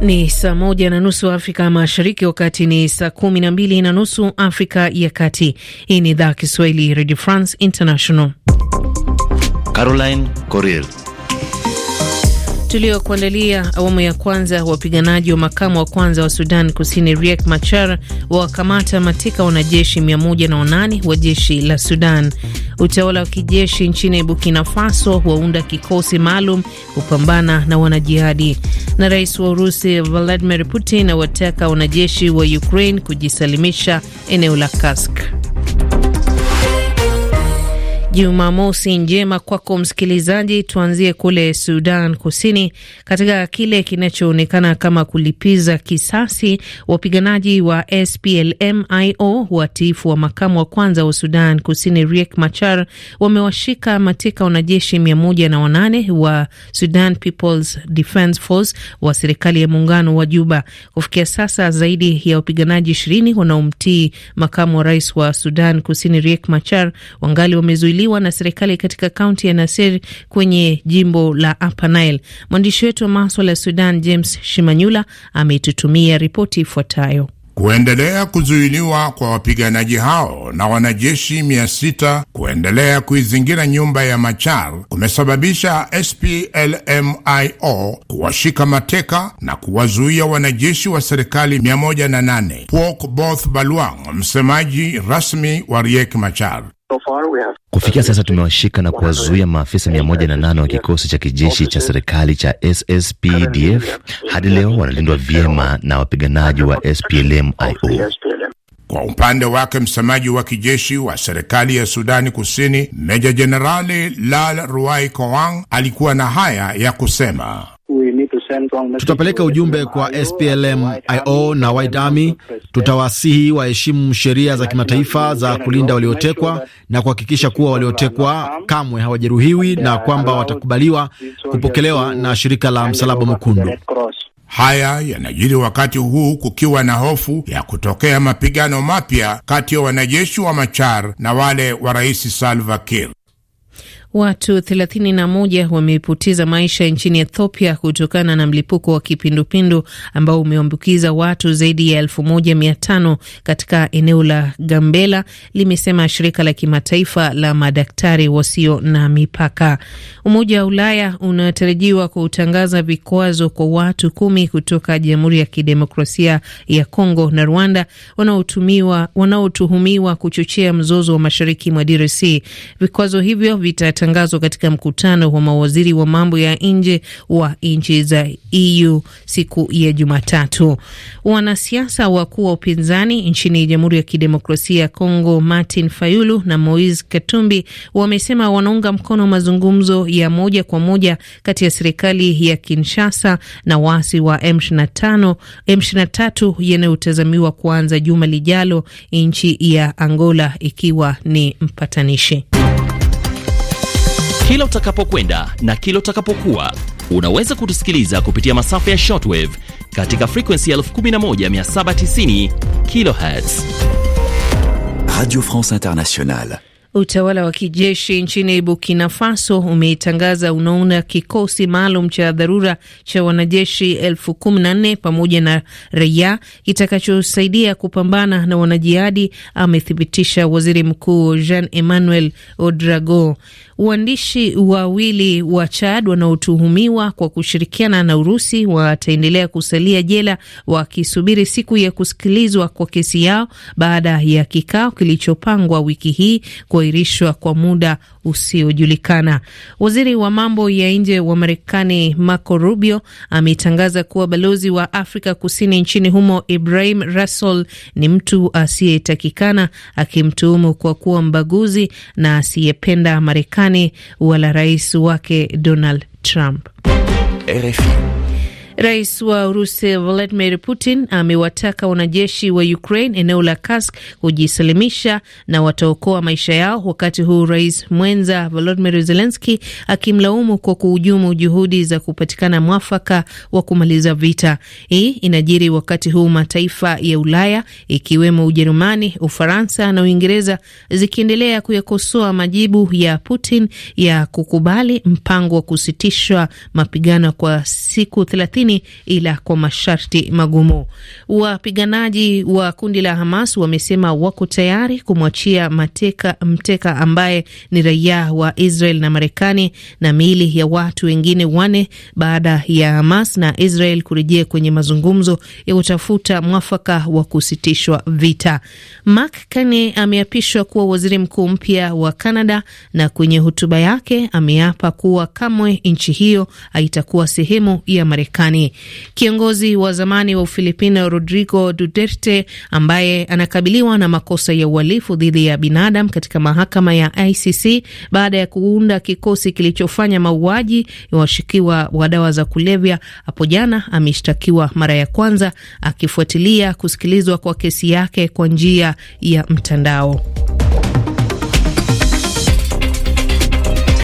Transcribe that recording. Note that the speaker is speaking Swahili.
Ni saa moja na nusu Afrika Mashariki, wakati ni saa kumi na mbili na nusu Afrika ya Kati. Hii ni idhaa Kiswahili Radio France International. Caroline Corrier tuliokuandalia awamu ya kwanza. Wapiganaji wa makamu wa kwanza wa Sudan Kusini Riek Machar wakamata mateka wanajeshi 108 wa jeshi la Sudan. Utawala wa kijeshi nchini Burkina Faso waunda kikosi maalum kupambana na wanajihadi na rais wa Urusi Vladimir Putin awataka wanajeshi wa Ukraine kujisalimisha eneo la Kursk. Jumamosi njema kwako msikilizaji. Tuanzie kule Sudan Kusini, katika kile kinachoonekana kama kulipiza kisasi, wapiganaji wa SPLMIO io watiifu wa makamu wa kwanza wa Sudan Kusini Riek Machar wamewashika mateka wanajeshi mia moja na wanane wa Sudan People's Defence Force wa serikali ya muungano wa Juba. Kufikia sasa zaidi ya wapiganaji ishirini wanaomtii makamu wa rais wa Sudan Kusini Riek Machar wangali wamezuiliwa kuandaliwa na serikali katika kaunti ya Nasir kwenye jimbo la Upper Nile. Mwandishi wetu wa maswala ya Sudan James Shimanyula ametutumia ripoti ifuatayo. Kuendelea kuzuiliwa kwa wapiganaji hao na wanajeshi mia sita kuendelea kuizingira nyumba ya Machar kumesababisha SPLMIO kuwashika mateka na kuwazuia wanajeshi wa serikali 108. Pok Both Balwang, msemaji rasmi wa Riek Machar, Kufikia sasa tumewashika na kuwazuia maafisa mia moja na nane wa kikosi cha kijeshi cha serikali cha SSPDF. Hadi leo wanalindwa vyema na wapiganaji wa SPLM-IO. Kwa upande wake msemaji wa kijeshi wa serikali ya Sudani Kusini, Meja Jenerali Lal Ruai Kowang alikuwa na haya ya kusema. Tutapeleka ujumbe kwa SPLM-IO na Waidami, tutawasihi waheshimu sheria za kimataifa za kulinda waliotekwa na kuhakikisha kuwa waliotekwa kamwe hawajeruhiwi na kwamba watakubaliwa kupokelewa na shirika la Msalaba Mwekundu. Haya yanajiri wakati huu kukiwa na hofu ya kutokea mapigano mapya kati ya wanajeshi wa Machar na wale wa Rais Salva Kiir. Watu 31 wamepoteza maisha nchini Ethiopia kutokana na mlipuko wa kipindupindu ambao umeambukiza watu zaidi ya 1500 katika eneo la Gambela, limesema shirika la kimataifa la madaktari wasio na mipaka. Umoja wa Ulaya unatarajiwa kutangaza vikwazo kwa watu kumi kutoka Jamhuri ya Kidemokrasia ya Kongo na Rwanda wanaotuhumiwa kuchochea mzozo wa mashariki mwa DRC. Vikwazo hivyo vita yatangazwa katika mkutano wa mawaziri wa mambo ya nje wa nchi za EU siku ya Jumatatu. Wanasiasa wakuu wa upinzani nchini Jamhuri ya Kidemokrasia ya Kongo, Martin Fayulu na Moise Katumbi, wamesema wanaunga mkono mazungumzo ya moja kwa moja kati ya serikali ya Kinshasa na waasi wa M25, M23 yanayotazamiwa kuanza juma lijalo, nchi ya Angola ikiwa ni mpatanishi. Kila utakapokwenda na kila utakapokuwa unaweza kutusikiliza kupitia masafa ya shortwave katika frequency 11790 kilohertz. Radio France Internationale. Utawala wa kijeshi nchini Burkina Faso umetangaza unaona kikosi maalum cha dharura cha wanajeshi elfu kumi na nne pamoja na raia kitakachosaidia kupambana na wanajihadi, amethibitisha waziri mkuu Jean Emmanuel Odrago. Waandishi wawili wa Chad wanaotuhumiwa kwa kushirikiana na Urusi wataendelea kusalia jela wakisubiri siku ya kusikilizwa kwa kesi yao baada ya kikao kilichopangwa wiki hii kwa kuahirishwa kwa muda usiojulikana. Waziri wa mambo ya nje wa Marekani Marco Rubio ametangaza kuwa balozi wa Afrika Kusini nchini humo Ibrahim Rasol ni mtu asiyetakikana, akimtuhumu kwa kuwa mbaguzi na asiyependa Marekani wala rais wake Donald Trump. RFI. Rais wa Urusi Vladimir Putin amewataka wanajeshi wa Ukraine eneo la Kursk kujisalimisha na wataokoa maisha yao, wakati huu rais mwenza volodimir zelenski akimlaumu kwa kuhujumu juhudi za kupatikana mwafaka wa kumaliza vita. Hii inajiri wakati huu mataifa ya Ulaya ikiwemo Ujerumani, Ufaransa na Uingereza zikiendelea kuyakosoa majibu ya Putin ya kukubali mpango wa kusitishwa mapigano kwa siku thelathini Palestina ila kwa masharti magumu. Wapiganaji wa kundi la Hamas wamesema wako tayari kumwachia mateka mteka ambaye ni raia wa Israel na Marekani na miili ya watu wengine wane baada ya Hamas na Israel kurejea kwenye mazungumzo ya kutafuta mwafaka wa kusitishwa vita. Mark Carney ameapishwa kuwa waziri mkuu mpya wa Canada na kwenye hotuba yake ameapa kuwa kamwe nchi hiyo haitakuwa sehemu ya Marekani. Marekani. Kiongozi wa zamani wa Ufilipino Rodrigo Duterte, ambaye anakabiliwa na makosa ya uhalifu dhidi ya binadamu katika mahakama ya ICC baada ya kuunda kikosi kilichofanya mauaji ya washukiwa wa dawa za kulevya, hapo jana ameshtakiwa mara ya kwanza, akifuatilia kusikilizwa kwa kesi yake kwa njia ya mtandao.